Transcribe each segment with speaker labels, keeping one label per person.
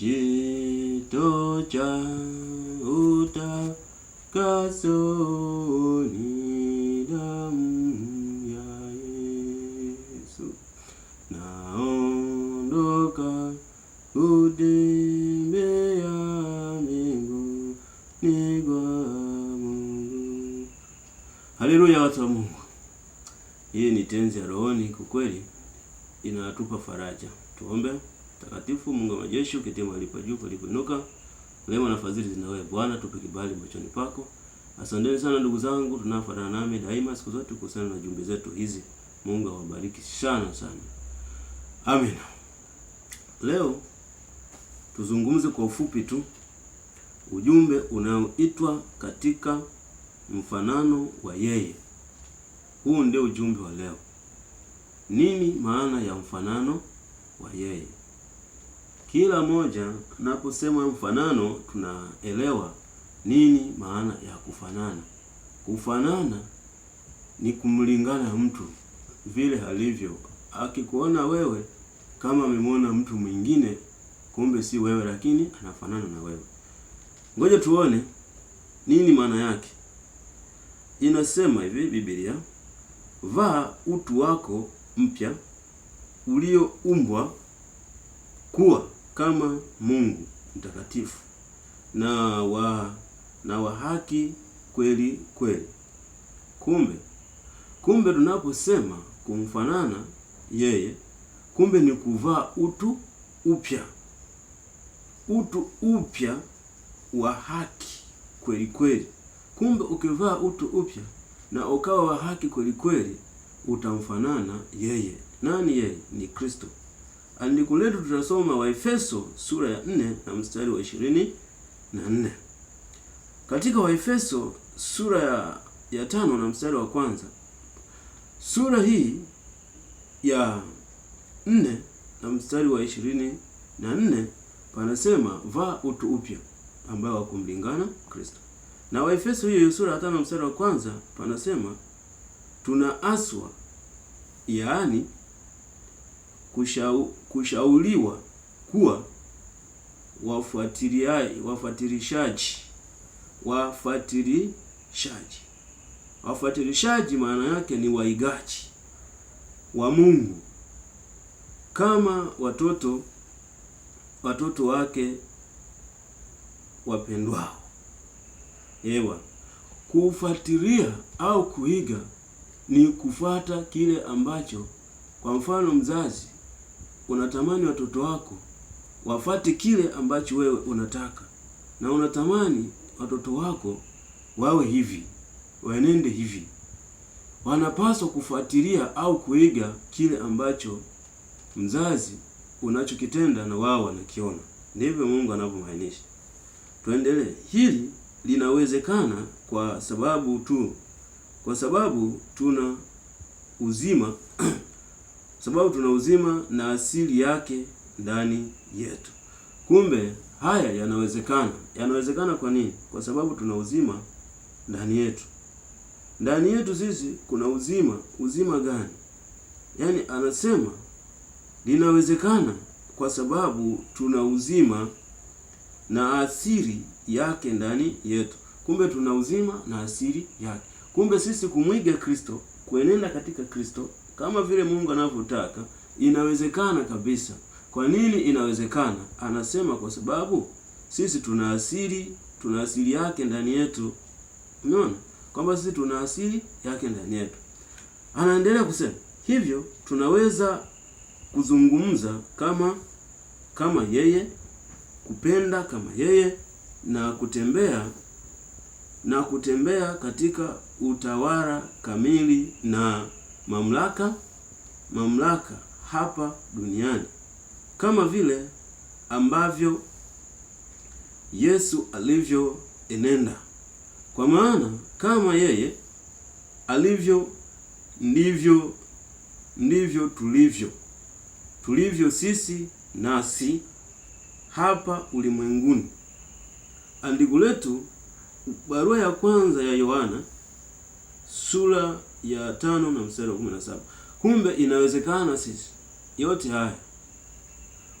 Speaker 1: kijito cha utakaso ni damu ya Yesu, naondoka kutembea mbinguni kwa Mungu. Haleluya, watu wa Mungu, hii ni tenzi ya rohoni, kwa kweli inatupa faraja. Tuombe. Mtakatifu Mungu wa majeshi, ukitima alipo juu palipoinuka, rehema na fadhili zina wewe Bwana, tupe kibali machoni pako. Asanteni sana ndugu zangu, tunafuatana nami daima siku zote kuhusiana na jumbe zetu hizi. Mungu awabariki sana sana, amina. Leo tuzungumze kwa ufupi tu ujumbe unaoitwa katika mfanano wa yeye. Huu ndio ujumbe wa leo. Nini maana ya mfanano wa yeye? Kila moja naposema mfanano, tunaelewa nini maana ya kufanana. Kufanana ni kumlingana mtu vile alivyo. Akikuona wewe kama amemwona mtu mwingine, kumbe si wewe, lakini anafanana na wewe. Ngoja tuone nini maana yake. Inasema hivi Biblia, vaa utu wako mpya ulioumbwa kuwa kama Mungu mtakatifu na wa na wa haki kweli kweli. Kumbe kumbe tunaposema kumfanana yeye, kumbe ni kuvaa utu upya, utu upya wa haki kweli kweli. Kumbe ukivaa utu upya na ukawa wa haki kweli kweli, utamfanana yeye. Nani yeye? Ni Kristo. Andiko letu tutasoma Waefeso sura ya 4 na mstari wa 24. Katika Waefeso sura ya, ya tano na mstari wa kwanza. Sura hii ya 4 na mstari wa 24 panasema vaa utu upya ambao wakumlingana Kristo. Na Waefeso hiyo sura ya na mstari wa kwanza panasema tunaaswa yaani kushau, kushauliwa kuwa wafuatiliaji wafuatilishaji wafuatilishaji wafuatilishaji maana yake ni waigaji wa Mungu kama watoto watoto wake wapendwao. Ewa, kufuatilia au kuiga ni kufuata kile ambacho, kwa mfano, mzazi unatamani watoto wako wafate kile ambacho wewe unataka, na unatamani watoto wako wawe hivi, waenende hivi. Wanapaswa kufuatilia au kuiga kile ambacho mzazi unachokitenda na wao wanakiona. Ndivyo Mungu anavyomaanisha. Tuendelee. Hili linawezekana kwa sababu tu, kwa sababu tuna uzima sababu tuna uzima na asili yake ndani yetu. Kumbe haya yanawezekana, yanawezekana. Kwa nini? Kwa sababu tuna uzima ndani yetu. Ndani yetu sisi kuna uzima. Uzima gani? Yaani anasema linawezekana kwa sababu tuna uzima na asili yake ndani yetu. Kumbe tuna uzima na asili yake. Kumbe sisi kumwiga Kristo, kuenenda katika Kristo kama vile Mungu anavyotaka. Inawezekana kabisa. Kwa nini inawezekana? Anasema kwa sababu sisi tuna asili, tuna asili yake ndani yetu. Unaona kwamba sisi tuna asili yake ndani yetu. Anaendelea kusema hivyo, tunaweza kuzungumza kama kama yeye, kupenda kama yeye, na kutembea na kutembea katika utawala kamili na mamlaka mamlaka hapa duniani kama vile ambavyo Yesu alivyo enenda. kwa maana kama yeye alivyo ndivyo ndivyo tulivyo tulivyo sisi nasi hapa ulimwenguni. Andiko letu barua ya kwanza ya Yohana sura ya tano na mstari wa kumi na saba. Kumbe inawezekana sisi yote haya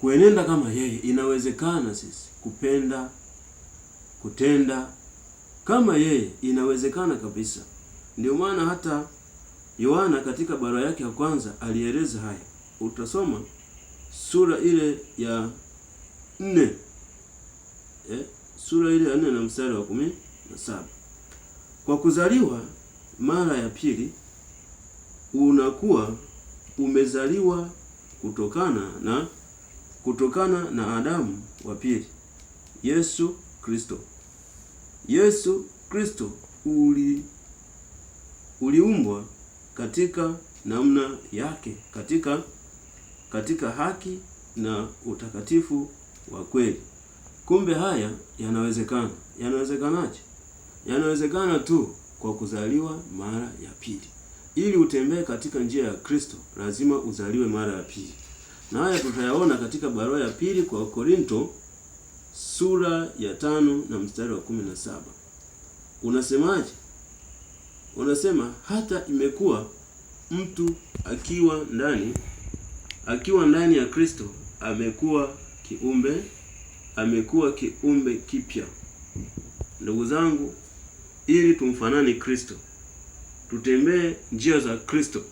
Speaker 1: kuenenda kama yeye, inawezekana sisi kupenda kutenda kama yeye, inawezekana kabisa. Ndio maana hata Yohana katika barua yake ya kwanza alieleza haya. Utasoma sura ile ya nne eh, sura ile ya nne na mstari wa kumi na saba. Kwa kuzaliwa mara ya pili unakuwa umezaliwa kutokana na kutokana na Adamu wa pili, Yesu Kristo. Yesu Kristo uli uliumbwa katika namna yake katika katika haki na utakatifu wa kweli. Kumbe haya yanawezekana. Yanawezekanaje? Yanawezekana tu kwa kuzaliwa mara ya pili. Ili utembee katika njia ya Kristo, lazima uzaliwe mara ya pili, na haya tutayaona katika barua ya pili kwa Korinto sura ya tano na mstari wa kumi na saba. Unasemaje? Unasema hata imekuwa mtu akiwa ndani akiwa ndani ya Kristo amekuwa kiumbe amekuwa kiumbe kipya. Ndugu zangu, ili tumfanane Kristo, tutembee njia za Kristo,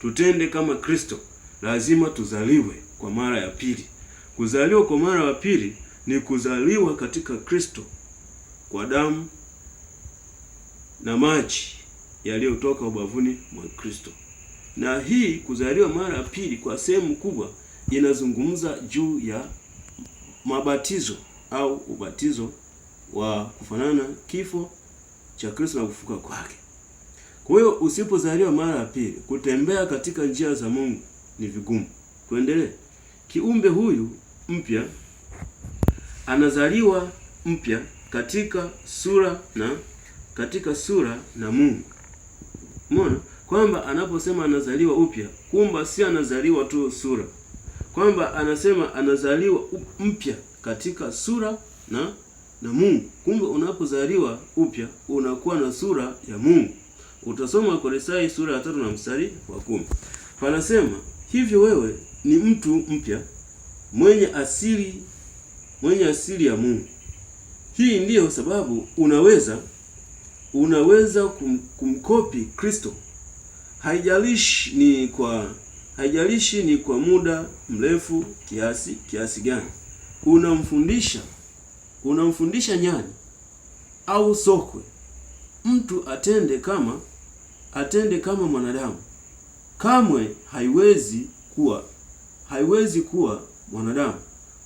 Speaker 1: tutende kama Kristo, lazima tuzaliwe kwa mara ya pili. Kuzaliwa kwa mara ya pili ni kuzaliwa katika Kristo kwa damu na maji yaliyotoka ubavuni mwa Kristo. Na hii kuzaliwa mara ya pili kwa sehemu kubwa inazungumza juu ya mabatizo au ubatizo wa kufanana kifo cha Kristo na kufuka kwake. Kwa hiyo usipozaliwa mara ya pili, kutembea katika njia za Mungu ni vigumu. Tuendelee. Kiumbe huyu mpya anazaliwa mpya katika sura na katika sura na Mungu. Umeona kwamba anaposema anazaliwa upya, kumba si anazaliwa tu sura, kwamba anasema anazaliwa mpya katika sura na na Mungu. Kumbe unapozaliwa upya unakuwa na sura ya Mungu. Utasoma Wakolosai sura ya tatu na mstari wa kumi. Panasema hivyo, wewe ni mtu mpya mwenye asili mwenye asili ya Mungu. Hii ndiyo sababu unaweza unaweza kum, kumkopi Kristo. Haijalishi ni kwa haijalishi ni kwa muda mrefu kiasi kiasi gani unamfundisha unamfundisha nyani au sokwe mtu atende kama atende kama mwanadamu, kamwe haiwezi kuwa haiwezi kuwa mwanadamu,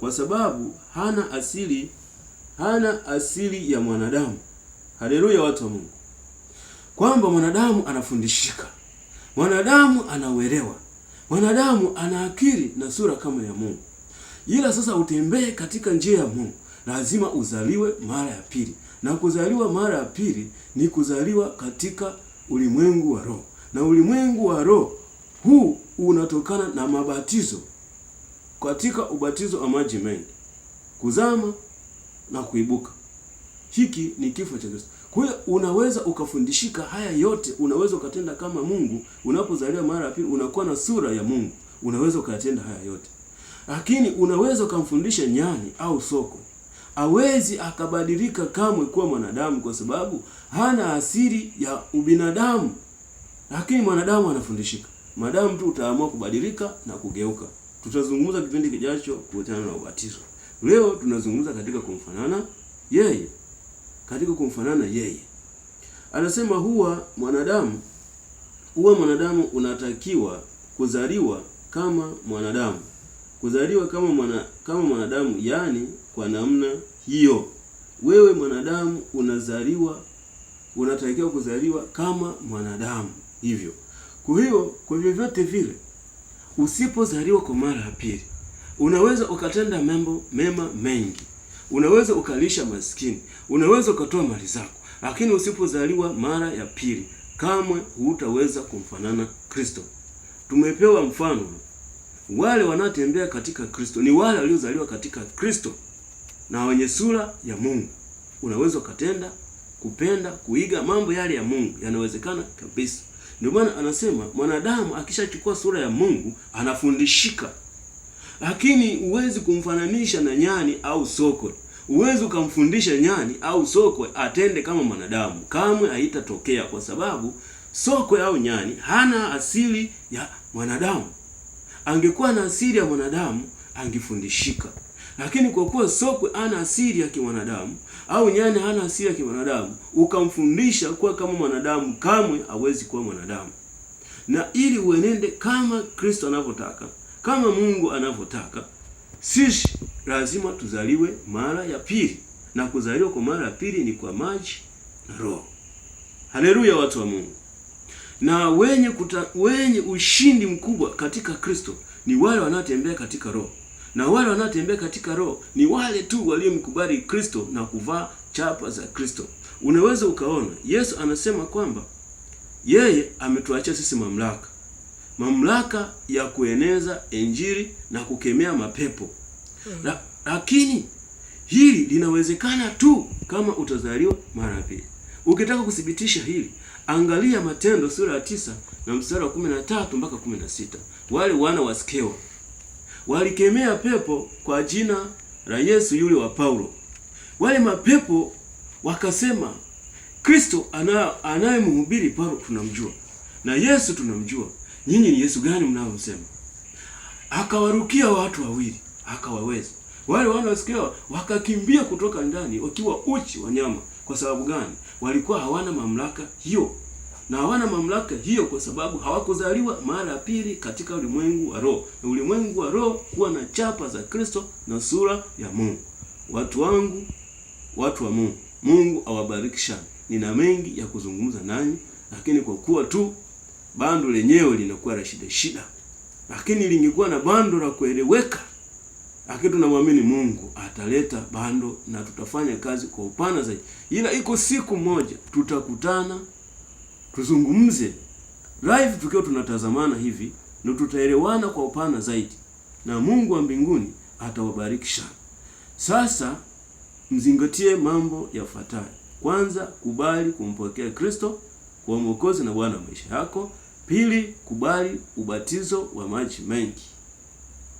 Speaker 1: kwa sababu hana asili hana asili ya mwanadamu. Haleluya, watu wa Mungu, kwamba mwanadamu anafundishika, mwanadamu anauelewa, mwanadamu ana akili na sura kama ya Mungu, ila sasa utembee katika njia ya Mungu lazima uzaliwe mara ya pili, na kuzaliwa mara ya pili ni kuzaliwa katika ulimwengu wa roho, na ulimwengu wa roho huu unatokana na mabatizo katika ubatizo wa maji mengi, kuzama na kuibuka. Hiki ni kifo cha Kristo. Kwa hiyo unaweza ukafundishika haya yote, unaweza ukatenda kama Mungu. Unapozaliwa mara ya pili, unakuwa na sura ya Mungu, unaweza ukayatenda haya yote, lakini unaweza ukamfundisha nyani au soko hawezi akabadilika kamwe kuwa mwanadamu, kwa sababu hana asili ya ubinadamu. Lakini mwanadamu anafundishika madamu tu utaamua kubadilika na kugeuka. Tutazungumza kipindi kijacho kuhusiana na ubatizo. Leo tunazungumza katika kumfanana yeye, katika kumfanana yeye. Anasema huwa mwanadamu, huwa mwanadamu unatakiwa kuzaliwa kama mwanadamu, kuzaliwa kama mwana, kama mwanadamu, yaani kwa namna hiyo, wewe mwanadamu unazaliwa, unatakiwa kuzaliwa kama mwanadamu hivyo. Kwa hiyo, kwa vyovyote vile, usipozaliwa kwa mara ya pili, unaweza ukatenda mambo mema mengi, unaweza ukalisha maskini, unaweza ukatoa mali zako, lakini usipozaliwa mara ya pili kamwe hutaweza kumfanana Kristo. Tumepewa mfano, wale wanaotembea katika Kristo ni wale waliozaliwa katika Kristo na wenye sura ya Mungu. Unaweza ukatenda kupenda kuiga mambo yale ya Mungu, yanawezekana kabisa. Ndio maana anasema mwanadamu akishachukua sura ya Mungu anafundishika, lakini huwezi kumfananisha na nyani au sokwe. Huwezi ukamfundisha nyani au sokwe atende kama mwanadamu, kamwe haitatokea, kwa sababu sokwe au nyani hana asili ya mwanadamu. Angekuwa na asili ya mwanadamu, angefundishika. Lakini kwa kuwa sokwe ana asili ya kimwanadamu au nyani hana asili ya kimwanadamu, ukamfundisha kuwa kama mwanadamu, kamwe hawezi kuwa mwanadamu. Na ili uenende kama Kristo anavyotaka, kama Mungu anavyotaka, sisi lazima tuzaliwe mara ya pili, na kuzaliwa kwa mara ya pili ni kwa maji na Roho. Haleluya, watu wa Mungu. Na wenye kuta, wenye ushindi mkubwa katika Kristo ni wale wanaotembea katika Roho na wale wanaotembea katika roho ni wale tu waliomkubali Kristo na kuvaa chapa za Kristo. Unaweza ukaona Yesu anasema kwamba yeye ametuachia sisi mamlaka, mamlaka ya kueneza injili na kukemea mapepo hmm. La, Lakini hili linawezekana tu kama utazaliwa mara pili. Ukitaka kuthibitisha hili, angalia Matendo sura ya tisa na mstari wa 13 mpaka 16, wale wana wa Skewa walikemea pepo kwa jina la Yesu yule wa Paulo. Wale mapepo wakasema, Kristo anayemhubiri Paulo tunamjua na Yesu tunamjua, nyinyi ni Yesu gani mnayomsema? Akawarukia watu wawili akawaweza wale wanaosikia wakakimbia kutoka ndani wakiwa uchi wanyama. Kwa sababu gani? Walikuwa hawana mamlaka hiyo na hawana mamlaka hiyo, kwa sababu hawakuzaliwa mara ya pili katika ulimwengu wa roho, na ulimwengu wa roho kuwa na chapa za Kristo na sura ya Mungu. Watu wangu, watu wa Mungu, Mungu awabariki sana. Nina mengi ya kuzungumza nanyi, lakini kwa kuwa tu bando lenyewe linakuwa la shida shida, lakini lingekuwa na bando la kueleweka, lakini tunamwamini Mungu ataleta bando na tutafanya kazi kwa upana zaidi, ila iko siku moja tutakutana tuzungumze live tukiwa tunatazamana hivi, na tutaelewana kwa upana zaidi, na Mungu wa mbinguni atawabariki sana. Sasa mzingatie mambo yafuatayo. Kwanza, kubali kumpokea Kristo kwa Mwokozi na Bwana wa maisha yako. Pili, kubali ubatizo wa maji mengi.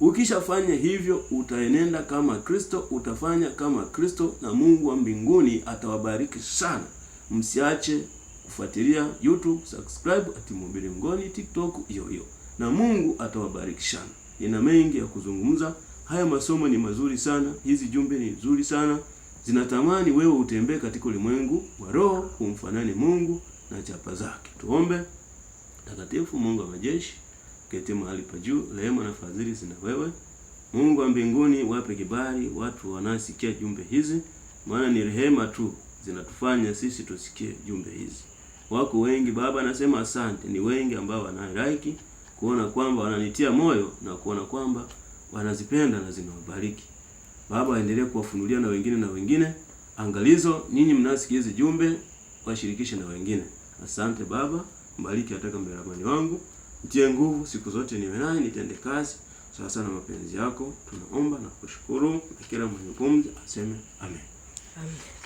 Speaker 1: Ukishafanya hivyo, utaenenda kama Kristo, utafanya kama Kristo, na Mungu wa mbinguni atawabariki sana. Msiache kufuatilia YouTube, subscribe ati Mhubiri Mngoni, TikTok hiyo hiyo, na Mungu atawabariki sana. Nina mengi ya kuzungumza. Haya masomo ni mazuri sana, hizi jumbe ni nzuri sana, zinatamani wewe utembee katika ulimwengu wa roho, kumfanane Mungu na chapa zake. Tuombe. Takatifu Mungu wa majeshi, keti mahali pa juu, rehema na fadhili zina wewe. Mungu wa mbinguni, wape kibali watu wanaosikia jumbe hizi, maana ni rehema tu zinatufanya sisi tusikie jumbe hizi wako wengi. Baba, nasema asante, ni wengi ambao wanalaiki kuona kwamba wananitia moyo na kuona kwamba wanazipenda na zinawabariki. Baba, endelee kuwafunulia na wengine na wengine angalizo. Ninyi mnasikia hizi jumbe, washirikishe na wengine. Asante Baba, mbariki hata kama ramani wangu, mtie nguvu siku zote, niwe naye nitende kazi sawa sana mapenzi yako. Tunaomba na kushukuru, na kila mwenye pumzi aseme amen, amen.